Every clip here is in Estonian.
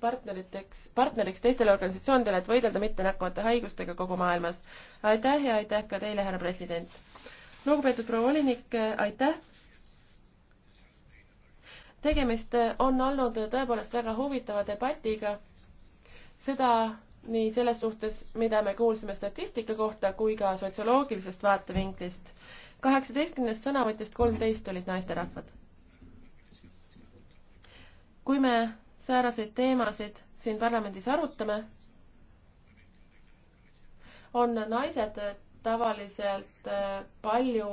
partneriteks, partneriks teistele organisatsioonidele, et võidelda mittenakkavate haigustega kogu maailmas. aitäh ja aitäh ka teile, härra president. lugupeetud proua volinik, aitäh. tegemist on olnud tõepoolest väga huvitava debatiga. seda nii selles suhtes, mida me kuulsime statistika kohta, kui ka sotsioloogilisest vaatevinklist. kaheksateistkümnest sõnavõtjast kolmteist olid naisterahvad. kui me sääraseid teemasid siin parlamendis arutame, on naised tavaliselt äh, palju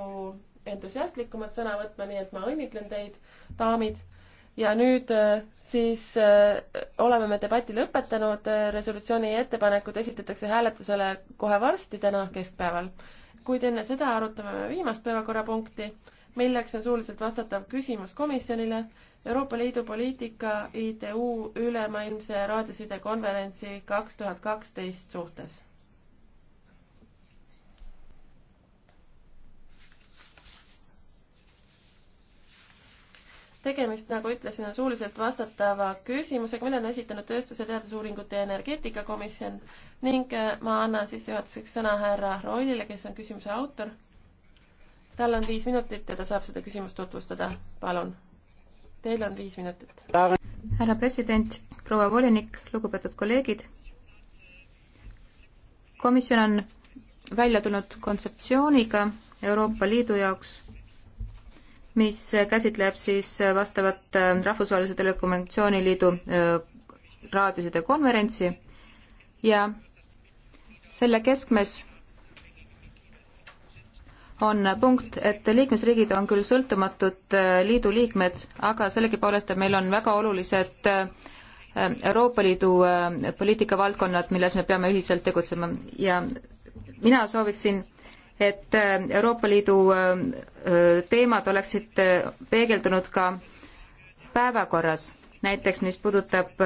entusiastlikumad sõna võtma, nii et ma õnnitlen teid, daamid. ja nüüd äh, siis äh, oleme me debati lõpetanud, resolutsiooni ettepanekud esitatakse hääletusele kohe varsti, täna keskpäeval. kuid enne seda arutame me viimast päevakorrapunkti, milleks on suuliselt vastatav küsimus komisjonile Euroopa Liidu poliitika ITU ülemaailmse raadiosidekonverentsi kaks tuhat kaksteist suhtes. tegemist, nagu ütlesin, on suuliselt vastatava küsimusega, mille on esitanud Tööstuse, Teadusuuringute ja Energeetikakomisjon ning äh, ma annan sissejuhatuseks sõna härra Roilile, kes on küsimuse autor. tal on viis minutit ja ta saab seda küsimust tutvustada, palun Teil on viis minutit. härra president, proua volinik, lugupeetud kolleegid. komisjon on välja tulnud kontseptsiooniga Euroopa Liidu jaoks, mis käsitleb siis vastavat äh, Rahvusvahelise Telekommunikatsiooniliidu äh, raadioside konverentsi ja selle keskmes on punkt, et liikmesriigid on küll sõltumatud äh, liidu liikmed, aga sellegipoolest, et meil on väga olulised äh, Euroopa Liidu äh, poliitikavaldkonnad, milles me peame ühiselt tegutsema ja mina sooviksin, et Euroopa Liidu teemad oleksid peegeldunud ka päevakorras, näiteks mis puudutab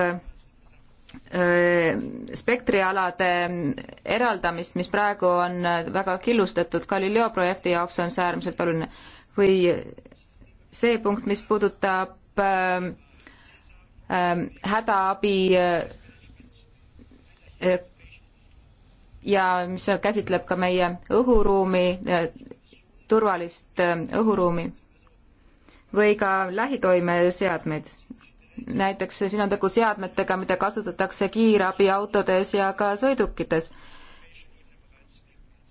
spektrialade eraldamist, mis praegu on väga killustatud Galileo projekti jaoks, on see äärmiselt oluline. või see punkt, mis puudutab äh, äh, hädaabi äh, ja mis käsitleb ka meie õhuruumi äh,, turvalist äh, õhuruumi või ka lähitoimeseadmeid näiteks siin on tegu seadmetega, mida kasutatakse kiirabiautodes ja ka sõidukites.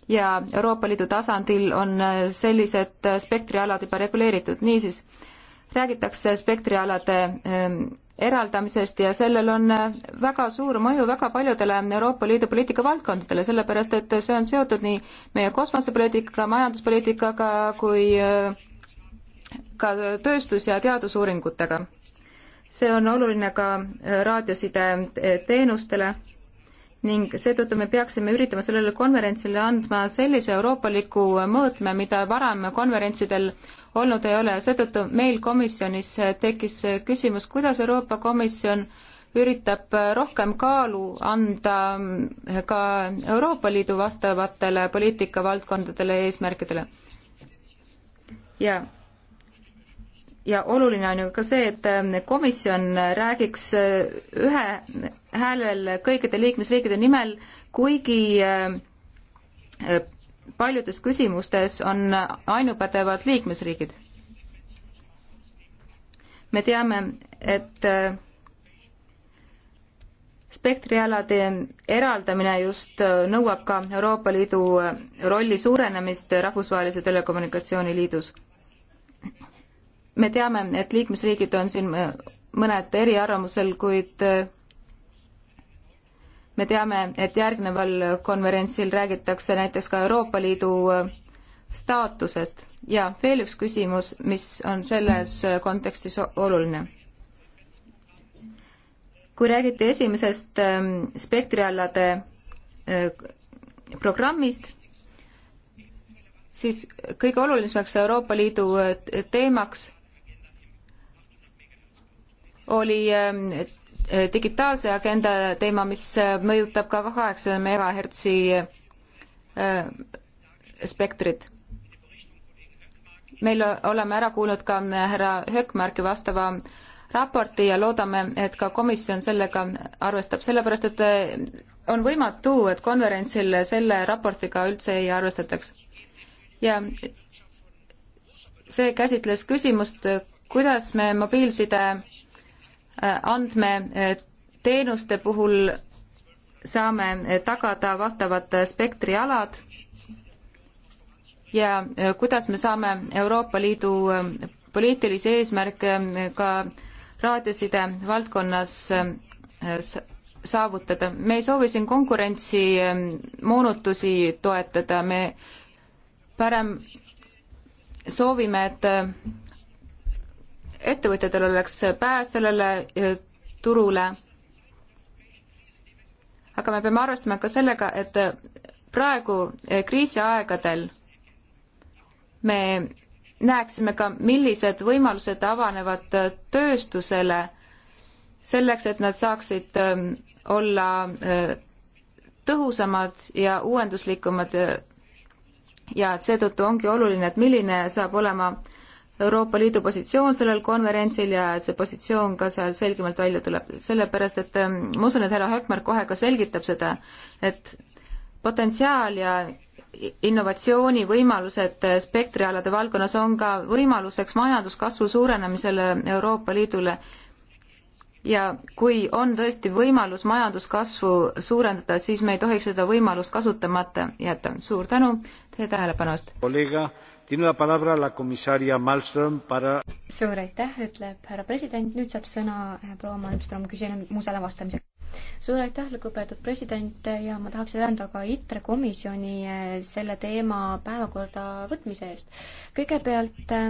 ja Euroopa Liidu tasandil on sellised spektrialad juba reguleeritud, niisiis räägitakse spektrialade ähm, eraldamisest ja sellel on väga suur mõju väga paljudele Euroopa Liidu poliitika valdkondadele, sellepärast et see on seotud nii meie kosmosepoliitikaga, majanduspoliitikaga kui äh, ka tööstus- ja teadusuuringutega see on oluline ka äh, raadioside äh, teenustele ning seetõttu me peaksime üritama sellele konverentsile andma sellise euroopaliku äh, mõõtme, mida varem konverentsidel olnud ei ole, seetõttu meil komisjonis tekkis küsimus, kuidas Euroopa Komisjon üritab rohkem kaalu anda mm, ka Euroopa Liidu vastavatele poliitikavaldkondadele ja eesmärkidele. jaa ja oluline on ju ka see, et ähm, komisjon äh, räägiks äh, ühe häälel kõikide liikmesriikide nimel, kuigi ähm, äh, paljudes küsimustes on ainupädevad liikmesriigid. me teame, et spektrialade eraldamine just nõuab ka Euroopa Liidu rolli suurenemist Rahvusvahelise Telekommunikatsiooni Liidus me teame, et liikmesriigid on siin äh, mõned eriarvamusel, kuid äh, me teame, et järgneval konverentsil räägitakse näiteks ka Euroopa Liidu äh, staatusest ja veel üks küsimus, mis on selles kontekstis oluline. kui räägiti esimesest ähm, spektrialade programmist, siis kõige olulisemaks Euroopa Liidu teemaks oli ähm, digitaalse agenda teema, mis äh, mõjutab ka kaheksa megahertsi äh, spektrit. meil oleme ära kuulnud ka äh, härra Höökmärgi vastava raporti ja loodame, et ka komisjon sellega arvestab, sellepärast et on võimatu, et konverentsil selle raportiga üldse ei arvestataks. ja see käsitles küsimust, kuidas me mobiilside andmeteenuste puhul saame tagada vastavad spektrialad ja äh, kuidas me saame Euroopa Liidu äh, poliitilisi eesmärke äh, ka raadioside valdkonnas saavutada. me ei soovi siin konkurentsi moonutusi toetada, me parem soovime, et ettevõtjatel oleks pääs sellele e, turule. aga me peame arvestama ka sellega, et praegu e, kriisiaegadel me näeksime ka, millised võimalused avanevad tööstusele selleks, et nad saaksid e, olla tõhusamad ja uuenduslikumad ja et seetõttu ongi oluline, et milline saab olema äh, Euroopa Liidu positsioon sellel konverentsil ja et see positsioon ka seal selgemalt välja tuleb, sellepärast et ähm, ma usun, et härra Hökmark kohe ka selgitab seda, et potentsiaal ja innovatsioonivõimalused äh, spektrialade valdkonnas on ka võimaluseks majanduskasvu suurenemisele Euroopa Liidule ja kui on tõesti võimalus majanduskasvu suurendada, siis me ei tohiks seda võimalust kasutamata jätta. suur tänu teie tähelepanu eest! Para... suur aitäh, ütleb härra president, nüüd saab sõna äh, proua Malmström küsimusele vastamiseks. suur aitäh, lugupeetud president ja ma tahaksin tänada ka ITRE komisjoni äh, selle teema päevakorda võtmise eest. kõigepealt äh,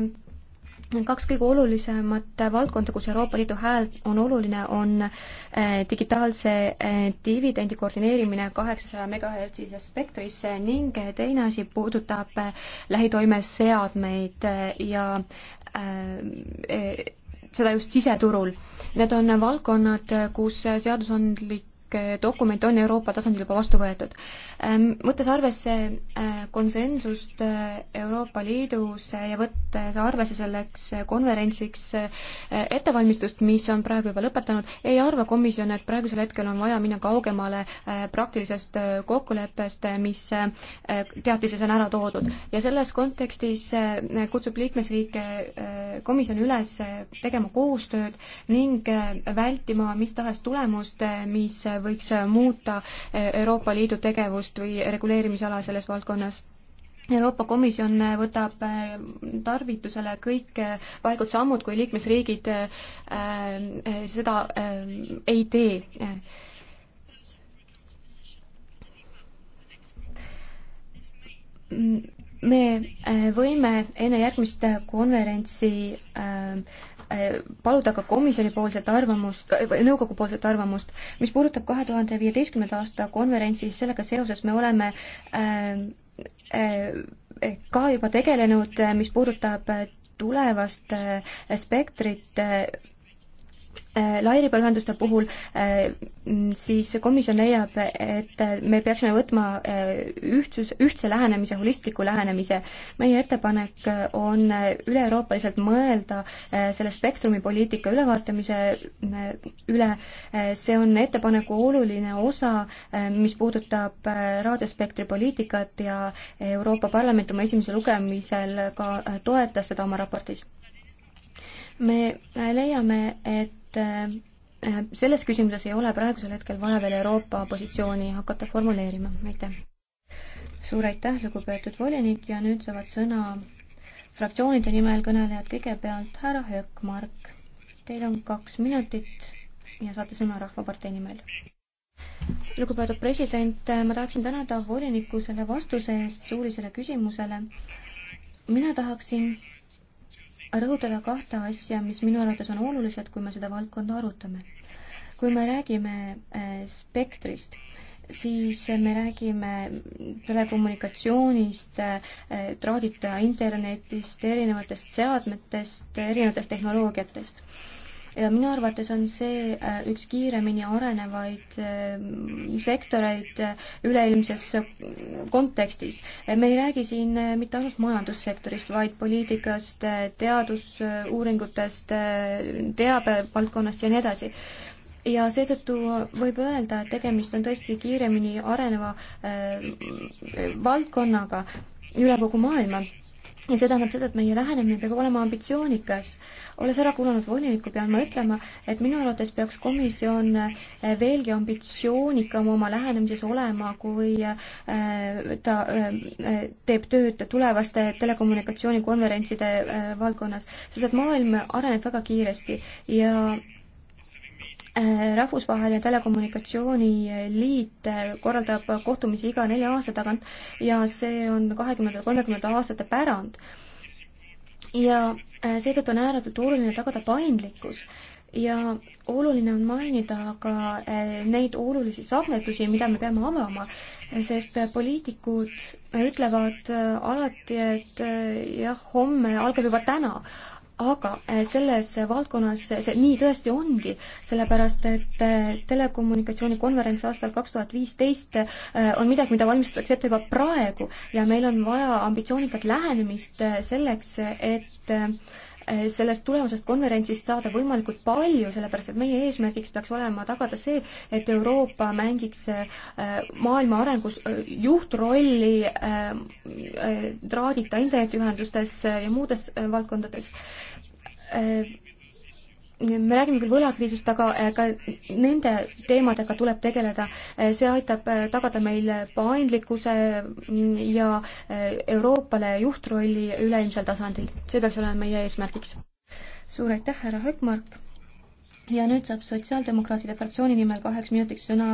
kaks kõige olulisemat valdkonda, kus Euroopa Liidu hääl on oluline, on äh, digitaalse äh, dividendi koordineerimine kaheksasaja megahertsises spektris ning äh, teine asi puudutab lähitoimeseadmeid ja seda just siseturul. Need on valdkonnad, kus seadusandlik Eh, dokument on Euroopa tasandil juba vastu võetud. Ähm, võttes arvesse äh, konsensust äh, Euroopa Liidus äh, ja võttes arvesse selleks konverentsiks ettevalmistust, mis on praegu juba lõpetanud, ei arva komisjon, et praegusel hetkel on vaja minna kaugemale praktilisest kokkuleppest, mis teatises on ära toodud. ja selles kontekstis kutsub liikmesriike komisjon üles tegema koostööd ning vältima mis tahes tulemust, mis võiks muuta Euroopa Liidu tegevust või reguleerimisala selles valdkonnas? Euroopa Komisjon võtab tarvitusele kõik vajalikud sammud, kui liikmesriigid äh, seda äh, ei tee. me äh, võime enne järgmist konverentsi äh, Äh, paluda ka komisjonipoolset arvamust, äh, nõukogupoolset arvamust. mis puudutab kahe tuhande viieteistkümnenda aasta konverentsi, siis sellega seoses me oleme äh, ka juba tegelenud, mis puudutab tulevast spektrit Äh, lairibaühenduste puhul äh, siis komisjon leiab, et äh, me peaksime võtma ühtsus, ühtse lähenemise, holistliku lähenemise. meie ettepanek on üle-euroopaliselt mõelda selle spektrumi poliitika ülevaatamise üle. see on ettepaneku oluline osa, mis puudutab raadiospektri poliitikat ja Euroopa Parlament oma esimesel lugemisel ka toetas seda oma raportis me leiame, et äh, selles küsimuses ei ole praegusel hetkel vaja veel Euroopa positsiooni hakata formuleerima, aitäh. suur aitäh, lugupeetud volinik ja nüüd saavad sõna fraktsioonide nimel kõnelejad, kõigepealt härra Höökmark. Teil on kaks minutit ja saate sõna Rahvapartei nimel. lugupeetud president, ma tahaksin tänada voliniku selle vastuse eest suulisele küsimusele. mina tahaksin rõhutada kahte asja, mis minu arvates on olulised, kui me seda valdkonda arutame. kui me räägime äh, spektrist, siis me räägime telekommunikatsioonist, äh, traadita internetist, erinevatest seadmetest, erinevatest tehnoloogiatest ja minu arvates on see äh, üks kiiremini arenevaid äh, sektoreid äh, üleilmses kontekstis. me ei räägi siin mitte ainult majandussektorist, vaid poliitikast, teadusuuringutest, teabevaldkonnast ja nii edasi ja seetõttu võib öelda, et tegemist on tõesti kiiremini areneva äh, valdkonnaga üle kogu maailma ja see tähendab seda, et meie lähenemine peab olema ambitsioonikas. olles ära kuulanud volinikku, pean ma ütlema, et minu arvates peaks komisjon eh, veelgi ambitsioonikam oma lähenemises olema, kui eh, ta eh, teeb tööd tulevaste telekommunikatsioonikonverentside valdkonnas, sest et maailm areneb väga kiiresti ja Äh, rahvusvaheline Telekommunikatsiooniliit äh, korraldab kohtumisi iga nelja aasta tagant ja see on kahekümnenda, kolmekümnenda aastate pärand. ja äh, seetõttu on ääretult oluline tagada paindlikkus ja oluline on mainida ka neid olulisi sagnedusi, mida me peame avama, sest poliitikud ütlevad alati, et jah, homme algab juba täna, aga äh, selles valdkonnas see nii tõesti ongi, sellepärast et äh, telekommunikatsiooni konverents aastal kaks tuhat viisteist äh, on midagi, mida valmistatakse ette juba praegu ja meil on vaja ambitsioonikat lähenemist selleks, et sellest tulemusest konverentsist saada võimalikult palju, sellepärast et meie eesmärgiks peaks olema tagada see, et Euroopa mängiks äh, maailma arengus äh, juhtrolli traadita äh, internetiühendustes ja muudes valdkondades me räägime küll võlakriisist, aga äh, ka nende teemadega tuleb tegeleda. Äh, see aitab äh, tagada meil paindlikkuse mm, ja Euroopale juhtrolli üleilmsel tasandil. see peaks olema meie eesmärgiks. suur aitäh, härra Hökmark. ja nüüd saab Sotsiaaldemokraatide fraktsiooni nimel kaheks minutiks sõna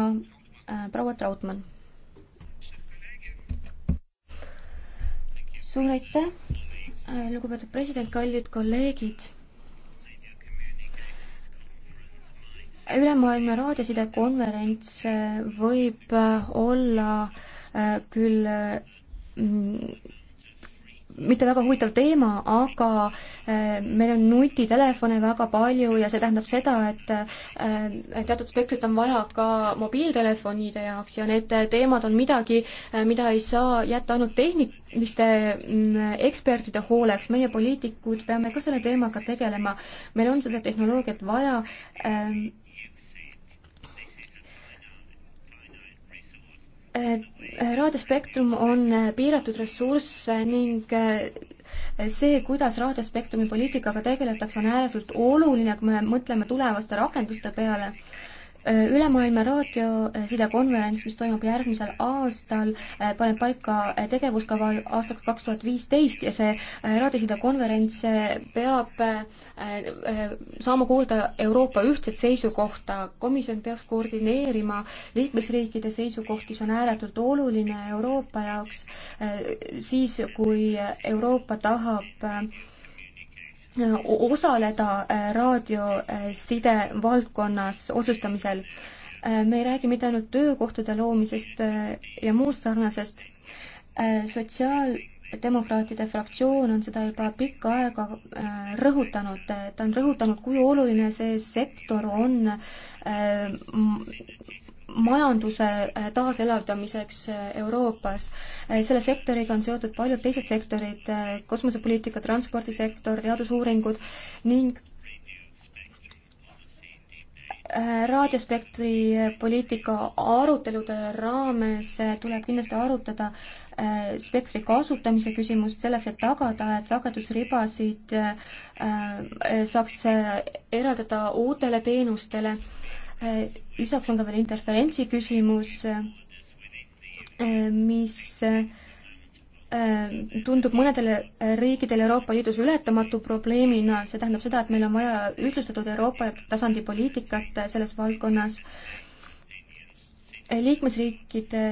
äh, proua Trautmann. suur aitäh, lugupeetud president, kallid kolleegid ülemaailmne raadiosidekonverents äh, võib äh, olla äh, küll mitte väga huvitav teema, aga meil on nutitelefone väga palju ja see tähendab seda, et teatud spektrit on vaja ka mobiiltelefonide jaoks ja need teemad on midagi, mida ei saa jätta ainult tehniliste mm, ekspertide hooleks, meie poliitikud peame ka selle teemaga tegelema, meil on seda tehnoloogiat vaja ähm, Äh, raadiospektrum on äh, piiratud ressurss äh, ning see, kuidas raadiospektrumi poliitikaga tegeletakse, on ääretult oluline, kui me mõtleme tulevaste rakenduste peale ülemaailmne raadiosidekonverents, eh, mis toimub järgmisel aastal, eh, paneb paika eh, tegevuskava aastaks kaks tuhat viisteist ja see raadiosidekonverents peab saama kuulda Euroopa ühtset seisukohta. komisjon peaks koordineerima liikmesriikide seisukohti, see on ääretult oluline Euroopa jaoks, siis kui Euroopa tahab osaleda äh, raadioside äh, valdkonnas otsustamisel. Äh, me ei räägi mitte ainult töökohtade loomisest ja muust sarnasest, sotsiaaldemokraatide fraktsioon on seda juba pikka aega rõhutanud, ta on rõhutanud, kui oluline see sektor on majanduse äh, taaselavdamiseks äh, Euroopas. Äh, selle sektoriga on seotud paljud teised sektorid, kosmosepoliitika, transpordisektor, teadusuuringud ning raadiospektri poliitika arutelude raames tuleb kindlasti arutada spektri kasutamise küsimust selleks, et tagada, et sagedusribasid saaks eraldada uutele teenustele Äh, lisaks on ka veel interferentsi küsimus, äh, mis äh, tundub mõnedele riikidele Euroopa Liidus ületamatu probleemina, see tähendab seda, et meil on vaja ühtlustatud Euroopa tasandi poliitikat selles valdkonnas. liikmesriikide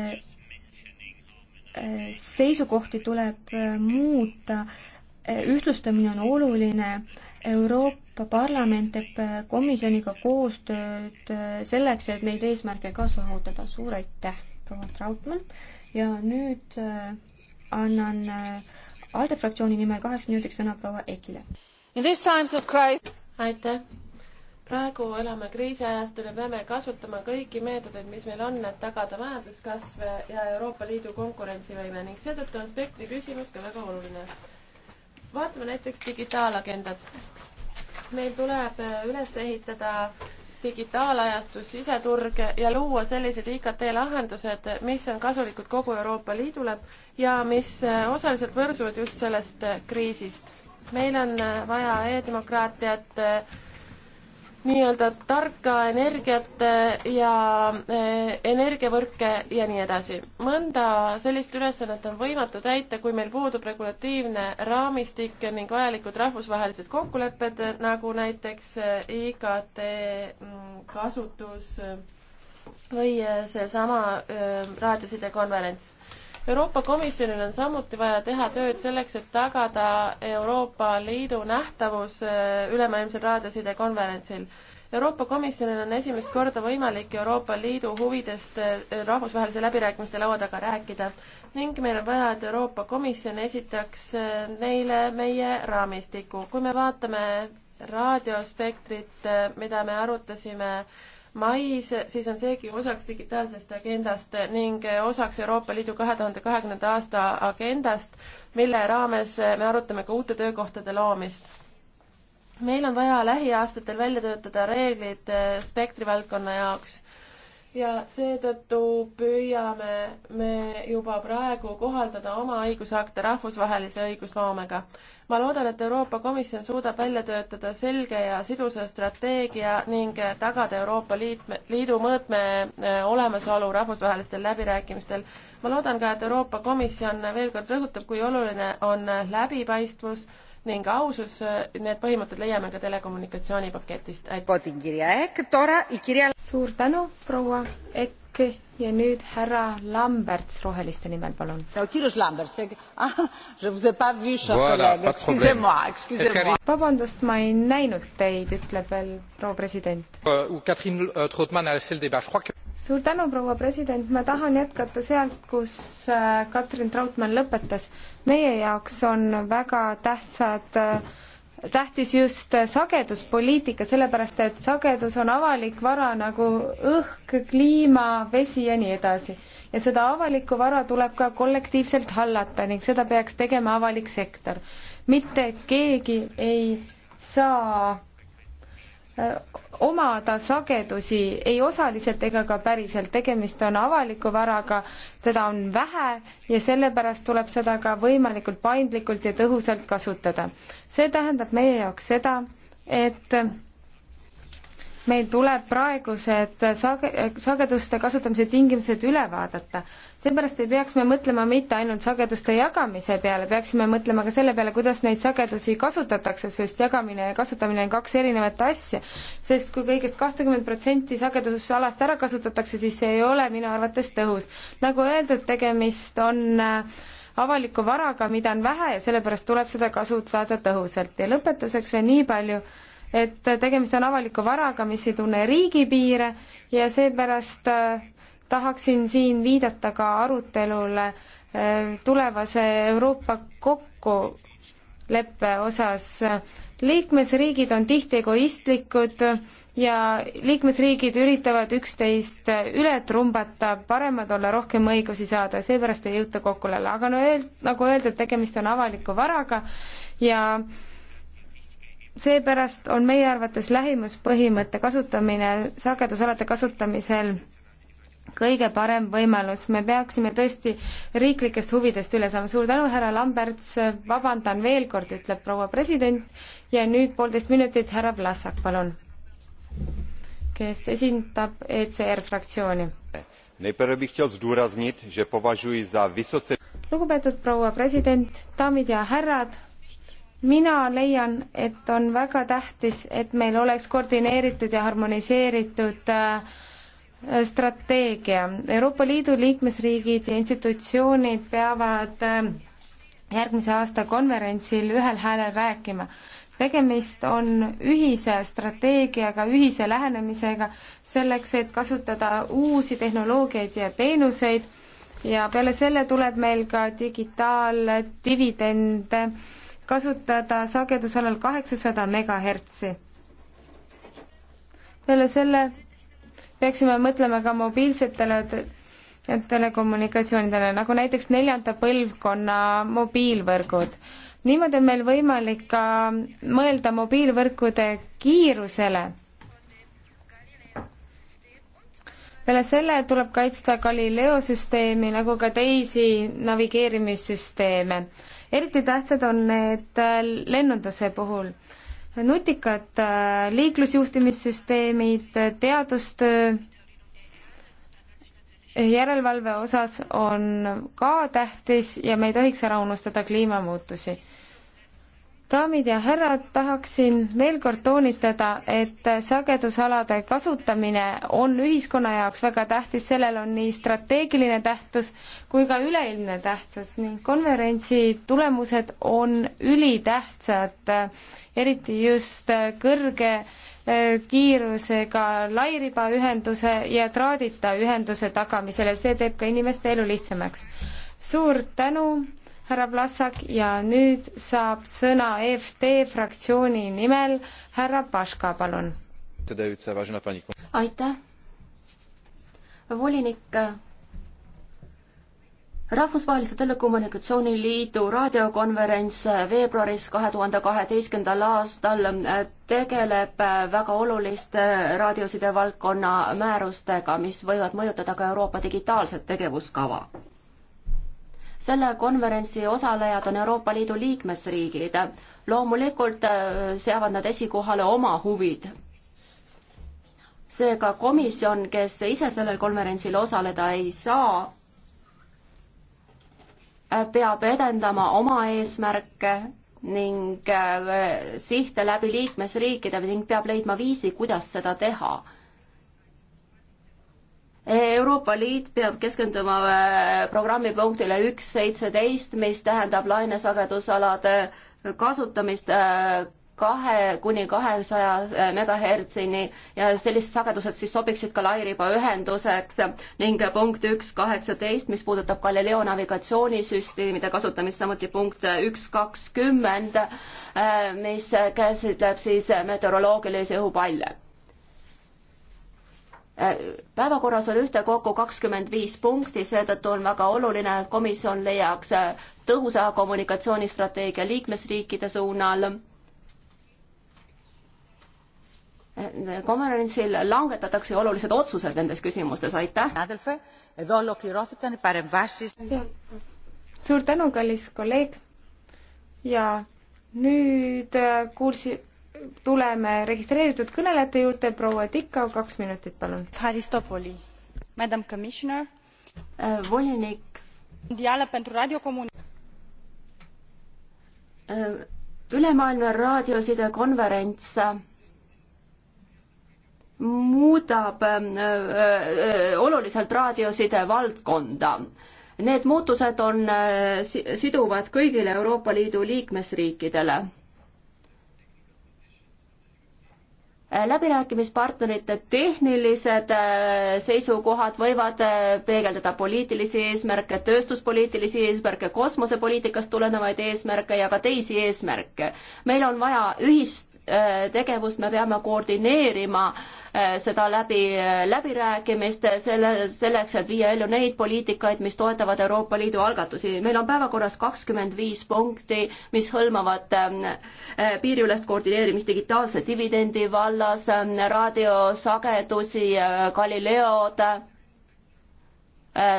seisukohti tuleb muuta, ühtlustamine on oluline, Euroopa Parlament teeb äh, komisjoniga koostööd äh, selleks, et neid eesmärke ka saavutada. suur aitäh, proua Trautmann ja nüüd äh, annan ALDE fraktsiooni nimel kaheks minutiks sõna proua Ekile. aitäh! praegu elame kriisiajastul ja peame kasutama kõiki meetodeid, mis meil on, et tagada majanduskasv ja Euroopa Liidu konkurentsivõime ning seetõttu on spektri küsimus ka väga oluline. vaatame näiteks digitaalagendat meil tuleb äh, üles ehitada digitaalajastus, siseturg ja luua sellised IKT lahendused, mis on kasulikud kogu Euroopa Liidule ja mis äh, osaliselt võrsuvad just sellest äh, kriisist. meil on vaja e-demokraatiat, nii-öelda tarka energiat äh, ja äh, energiavõrke ja nii edasi. mõnda sellist ülesannet on võimatu täita, kui meil puudub regulatiivne raamistik ning vajalikud rahvusvahelised kokkulepped, nagu näiteks äh, IKT mm, kasutus või äh, seesama äh, raadiosidekonverents. Euroopa Komisjonil on samuti vaja teha tööd selleks, et tagada Euroopa Liidu nähtavus äh, ülemaailmsel raadiosidekonverentsil. Euroopa Komisjonil on esimest korda võimalik Euroopa Liidu huvidest rahvusvahelise läbirääkimiste laua taga rääkida ning meil on vaja, et Euroopa Komisjon esitaks neile meie raamistiku. kui me vaatame raadiospektrit, mida me arutasime mais, siis on seegi osaks digitaalsest agendast ning osaks Euroopa Liidu kahe tuhande kahekümnenda aasta agendast, mille raames me arutame ka uute töökohtade loomist. meil on vaja lähiaastatel välja töötada reeglid eh, spektri valdkonna jaoks ja seetõttu püüame me juba praegu kohaldada oma õigusakte rahvusvahelise õigusloomega ma loodan, et Euroopa Komisjon suudab välja töötada selge ja sidusa strateegia ning tagada Euroopa liitme, Liidu mõõtme äh, olemasolu rahvusvahelistel läbirääkimistel. ma loodan ka, et Euroopa Komisjon veel kord rõhutab, kui oluline on läbipaistvus ning ausus, need põhimõtted leiame ka telekommunikatsioonipaketist. suur tänu, proua Ekk. Pakk ja nüüd härra Lamberts Roheliste nimel, palun. Ah, vabandust, ma ei näinud teid, ütleb veel proua president. Euh, euh, suur tänu, proua president, ma tahan jätkata sealt, kus Katrin äh, Trautmann lõpetas. meie jaoks on väga tähtsad äh, tähtis just sageduspoliitika, sellepärast et sagedus on avalik vara nagu õhk, kliima, vesi ja nii edasi. ja seda avalikku vara tuleb ka kollektiivselt hallata ning seda peaks tegema avalik sektor. mitte keegi ei saa äh, omada sagedusi ei osaliselt ega ka päriselt. tegemist on avaliku varaga, seda on vähe ja sellepärast tuleb seda ka võimalikult paindlikult ja tõhusalt kasutada. see tähendab meie jaoks seda, et meil tuleb praegused sage-, sageduste kasutamise tingimused üle vaadata. seepärast ei peaks me mõtlema mitte ainult sageduste jagamise peale, peaksime mõtlema ka selle peale, kuidas neid sagedusi kasutatakse, sest jagamine ja kasutamine on kaks erinevat asja. sest kui kõigest kahtekümmend protsenti sagedusalast ära kasutatakse, siis see ei ole minu arvates tõhus. nagu öeldud, tegemist on äh, avaliku varaga, mida on vähe ja sellepärast tuleb seda kasutada tõhusalt. ja lõpetuseks veel nii palju, et tegemist on avaliku varaga, mis ei tunne riigipiire ja seepärast äh, tahaksin siin viidata ka arutelule äh, tulevase Euroopa kokkuleppe osas. liikmesriigid on tihti egoistlikud ja liikmesriigid üritavad üksteist äh, üle trumbata, paremad olla, rohkem õigusi saada, seepärast ei jõuta kokkuleppele, aga no öel-, nagu öeldud, tegemist on avaliku varaga ja äh, seepärast on meie arvates lähimuspõhimõtte kasutamine sagedusalade kasutamisel kõige parem võimalus, me peaksime tõesti riiklikest huvidest üle saama, suur tänu, härra Lamberts, vabandan veel kord, ütleb proua president ja nüüd poolteist minutit, härra Vlasak, palun, kes esindab ECR fraktsiooni. lugupeetud proua president, daamid ja härrad, mina leian, et on väga tähtis, et meil oleks koordineeritud ja harmoniseeritud äh, strateegia. Euroopa Liidu liikmesriigid ja institutsioonid peavad äh, järgmise aasta konverentsil ühel häälel rääkima. tegemist on ühise strateegiaga, ühise lähenemisega selleks, et kasutada uusi tehnoloogiaid ja teenuseid ja peale selle tuleb meil ka digitaaldividende kasutada sagedusalal kaheksasada megahertsi. peale selle peaksime mõtlema ka mobiilsetele telekommunikatsioonidele, nagu näiteks neljanda põlvkonna mobiilvõrgud. niimoodi on meil võimalik ka mõelda mobiilvõrkude kiirusele. peale selle tuleb kaitsta Galileo süsteemi nagu ka teisi navigeerimissüsteeme eriti tähtsad on need äh, lennunduse puhul. nutikad äh, liiklusjuhtimissüsteemid, äh, teadustöö järelevalve osas on ka tähtis ja me ei tohiks ära unustada kliimamuutusi daamid ja härrad, tahaksin veel kord toonitada, et sagedusalade kasutamine on ühiskonna jaoks väga tähtis, sellel on nii strateegiline tähtsus kui ka üleilmne tähtsus ning konverentsi tulemused on ülitähtsad, eriti just kõrge eh, kiirusega lairibaühenduse ja traadita ühenduse tagamisele, see teeb ka inimeste elu lihtsamaks. suur tänu härra Vlasak ja nüüd saab sõna EFT fraktsiooni nimel härra Paška, palun. aitäh. volinik äh, rahvusvahelise telekommunikatsiooni liidu raadiokonverents äh, veebruaris kahe tuhande kaheteistkümnendal aastal äh, tegeleb väga oluliste raadioside valdkonna määrustega, mis võivad mõjutada ka Euroopa digitaalset tegevuskava selle konverentsi osalejad on Euroopa Liidu liikmesriigid. loomulikult äh, seavad nad esikohale oma huvid. seega komisjon, kes ise sellel konverentsil osaleda ei saa, äh, peab edendama oma eesmärke ning äh, sihte läbi liikmesriikide ning peab leidma viisi, kuidas seda teha Euroopa Liit peab keskenduma äh, programmi punktile üks seitseteist, mis tähendab lainesagedusalade kasutamist äh, kahe kuni kahesaja äh, megahertsini ja sellised sagedused siis sobiksid ka lairibaühenduseks ning punkt üks kaheksateist, mis puudutab Galileo navigatsioonisüsteemide kasutamist, samuti punkt üks kakskümmend, mis käsitleb siis meteoroloogilisi õhupalle Äh, päevakorras on ühtekokku kakskümmend viis punkti, seetõttu on väga oluline, et komisjon leiaks äh, tõhusa kommunikatsioonistrateegia liikmesriikide suunal. Äh, konverentsil langetatakse olulised otsused nendes küsimustes, aitäh! suur tänu, kallis kolleeg ja nüüd kuulsi-, tuleme registreeritud kõnelejate juurde, proua Tikau, kaks minutit, palun. Äh, volinik. Äh, ülemaailmne raadiosidekonverents äh, muudab öö, oluliselt raadioside valdkonda. Need muutused on siduvad kõigile Euroopa Liidu liikmesriikidele läbirääkimispartnerite tehnilised äh, seisukohad võivad äh, peegeldada poliitilisi eesmärke, tööstuspoliitilisi eesmärke, kosmosepoliitikast tulenevaid eesmärke ja ka teisi eesmärke. meil on vaja ühist Äh, tegevust me peame koordineerima äh, seda läbi äh, läbirääkimiste, selle, selleks, et viia ellu neid poliitikaid, mis toetavad Euroopa Liidu algatusi. meil on päevakorras kakskümmend viis punkti, mis hõlmavad ähm, piiriülest koordineerimist digitaalse dividendi vallas, ähm, raadiosagedusi, Galileod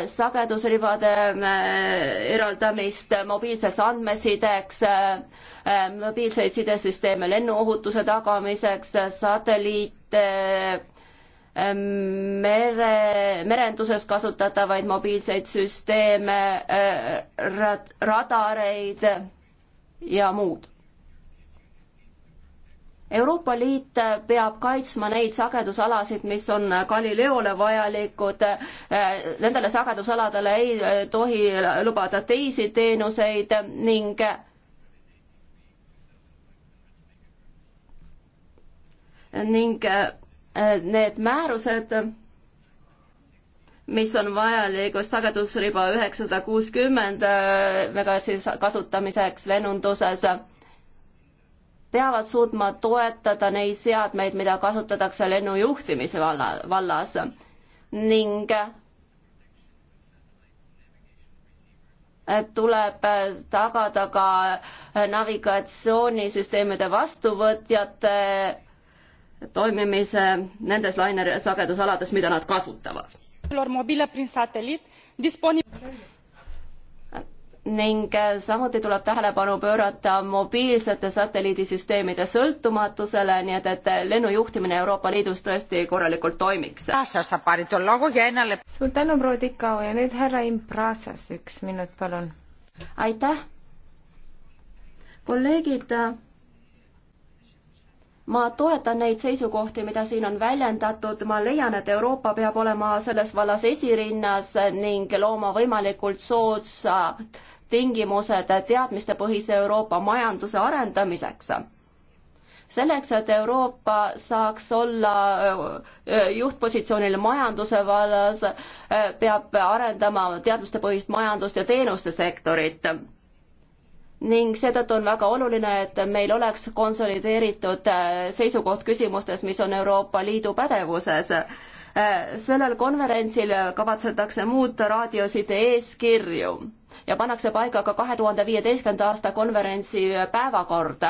sagedusribade äh, eraldamist mobiilseks andmesideks, äh, mobiilseid sidesüsteeme lennuohutuse tagamiseks, satelliite, äh, mere, merenduses kasutatavaid mobiilseid süsteeme, radareid ja muud. Euroopa Liit peab kaitsma neid sagedusalasid, mis on Galileole vajalikud. Nendele sagedusaladele ei tohi lubada teisi teenuseid ning ning need määrused, mis on vajalikud sagedusriba üheksasada kuuskümmend megahertsi kasutamiseks lennunduses peavad suutma toetada neid seadmeid, mida kasutatakse lennujuhtimise valla, vallas ning äh, tuleb äh, tagada ka äh, navigatsioonisüsteemide vastuvõtjate toimimise nendes lainesagedusalades, mida nad kasutavad. mobiile prin satelit disponi- ning äh, samuti tuleb tähelepanu pöörata mobiilsete satelliidisüsteemide sõltumatusele, nii et, et lennujuhtimine Euroopa Liidus tõesti korralikult toimiks. suur tänu, proua Tikau ja nüüd härra Imbrasas, üks minut, palun. aitäh. kolleegid, ma toetan neid seisukohti, mida siin on väljendatud, ma leian, et Euroopa peab olema selles vallas esirinnas ning looma võimalikult soodsad tingimused teadmistepõhise Euroopa majanduse arendamiseks. selleks, et Euroopa saaks olla äh, äh, juhtpositsioonil majanduse vallas, äh, peab arendama teadmistepõhist majandust ja teenuste sektorit ning seetõttu on väga oluline, et meil oleks konsolideeritud seisukoht küsimustes, mis on Euroopa Liidu pädevuses sellel konverentsil kavatsetakse muuta raadioside eeskirju ja pannakse paika ka kahe tuhande viieteistkümnenda aasta konverentsi päevakord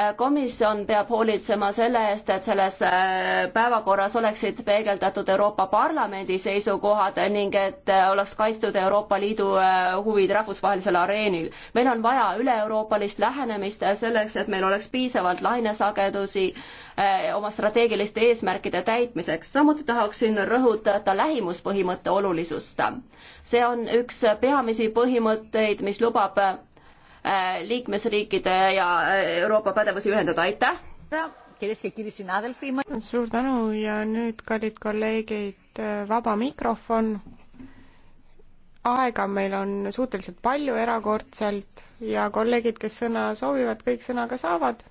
Äh, komisjon peab hoolitsema selle eest, et selles äh, päevakorras oleksid peegeldatud Euroopa Parlamendi seisukohad ning et äh, oleks kaitstud Euroopa Liidu huvid rahvusvahelisel areenil. meil on vaja üle-euroopalist lähenemist selleks, et meil oleks piisavalt lainesagedusi oma strateegiliste eesmärkide täitmiseks. samuti tahaksin rõhutada lähimuspõhimõtte olulisust. see on üks peamisi põhimõtteid, mis lubab Äh, liikmesriikide ja äh, Euroopa pädevusi ühendada, aitäh! suur tänu ja nüüd, kallid kolleegid, äh, vaba mikrofon. aega meil on suhteliselt palju erakordselt ja kolleegid, kes sõna soovivad, kõik sõna ka saavad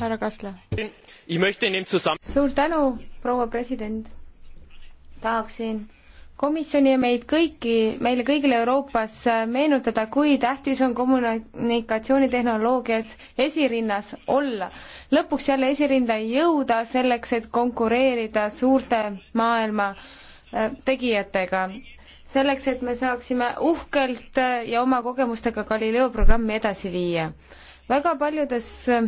härra Kasla. suur tänu, proua president. tahaksin komisjoni ja meid kõiki, meile kõigile Euroopas meenutada, kui tähtis on kommunikatsioonitehnoloogias esirinnas olla. lõpuks jälle esirinda jõuda selleks, et konkureerida suurte maailma äh, tegijatega. selleks, et me saaksime uhkelt ja oma kogemustega Galileo programmi edasi viia. väga paljudes äh,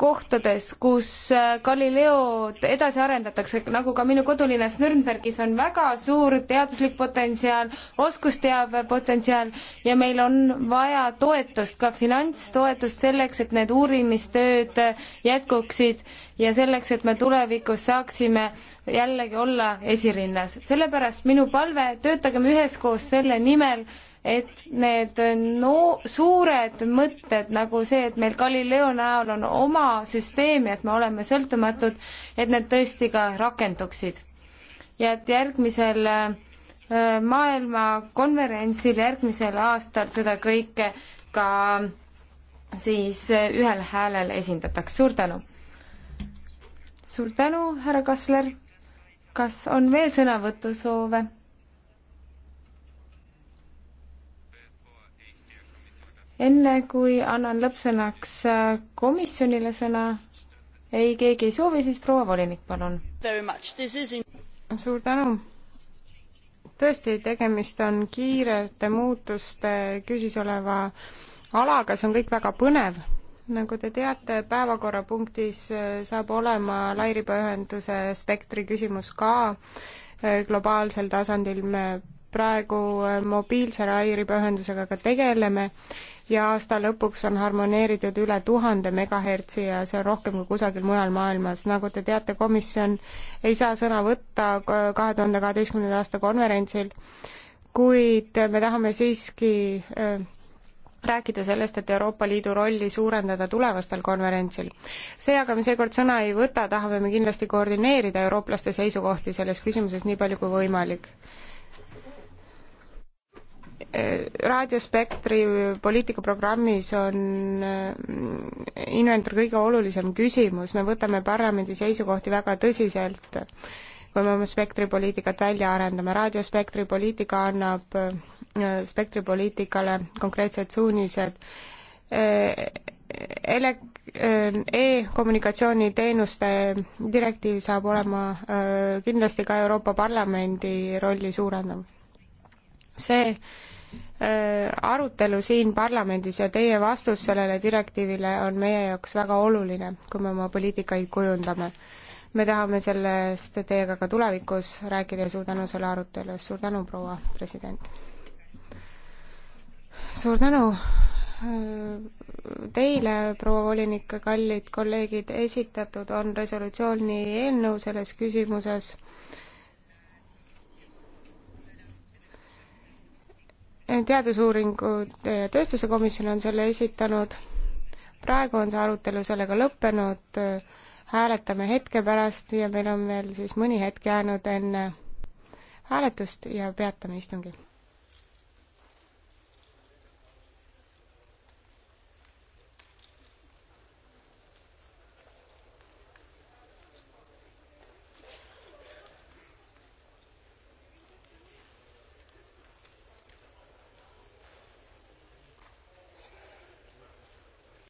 kohtades, kus äh, Galileod edasi arendatakse, nagu ka minu kodulinnas Nürnbergis on väga suur teaduslik potentsiaal, oskusteave potentsiaal ja meil on vaja toetust, ka finantstoetust selleks, et need uurimistööd äh, jätkuksid ja selleks, et me tulevikus saaksime jällegi olla esirinnas. sellepärast minu palve, töötagem üheskoos selle nimel, et need no suured mõtted nagu see, et meil Galileo näol on oma süsteem ja et me oleme sõltumatud, et need tõesti ka rakenduksid. ja et järgmisel äh, maailmakonverentsil järgmisel aastal seda kõike ka siis äh, ühel häälel esindataks. suur tänu! suur tänu, härra Kassler! kas on veel sõnavõtusoove? enne kui annan lõppsõnaks äh, komisjonile sõna, ei, keegi ei soovi, siis proua volinik, palun. suur tänu. tõesti, tegemist on kiirete muutuste küsis oleva alaga, see on kõik väga põnev. nagu te teate, päevakorrapunktis äh, saab olema lairibaühenduse spektri küsimus ka äh, globaalsel tasandil, me praegu mobiilse lairibaühendusega ka tegeleme ja aasta lõpuks on harmoneeritud üle tuhande megahertsi ja see on rohkem kui kusagil mujal maailmas. nagu te teate, komisjon ei saa sõna võtta kahe tuhande kaheteistkümnenda aasta konverentsil, kuid me tahame siiski äh, rääkida sellest, et Euroopa Liidu rolli suurendada tulevastel konverentsil. see aga me seekord sõna ei võta, tahame me kindlasti koordineerida eurooplaste seisukohti selles küsimuses nii palju kui võimalik. Äh, raadiospektri poliitikaprogrammis on äh, inventor kõige olulisem küsimus, me võtame parlamendi seisukohti väga tõsiselt, kui me oma spektripoliitikat välja arendame, raadiospektri poliitika annab äh, spektripoliitikale konkreetsed suunised ele-, e-kommunikatsiooniteenuste direktiiv saab olema kindlasti ka Euroopa Parlamendi rolli suurendav. see Äh, arutelu siin parlamendis ja teie vastus sellele direktiivile on meie jaoks väga oluline, kui me oma poliitikaid kujundame. me tahame sellest teiega ka tulevikus rääkida ja suur tänu selle arutelu eest, suur tänu, proua president! suur tänu äh, teile, proua volinik, kallid kolleegid, esitatud on resolutsiooni eelnõu selles küsimuses teadusuuringute ja tööstuse komisjon on selle esitanud, praegu on see arutelu sellega lõppenud, hääletame hetke pärast ja meil on veel siis mõni hetk jäänud enne hääletust ja peatame istungi.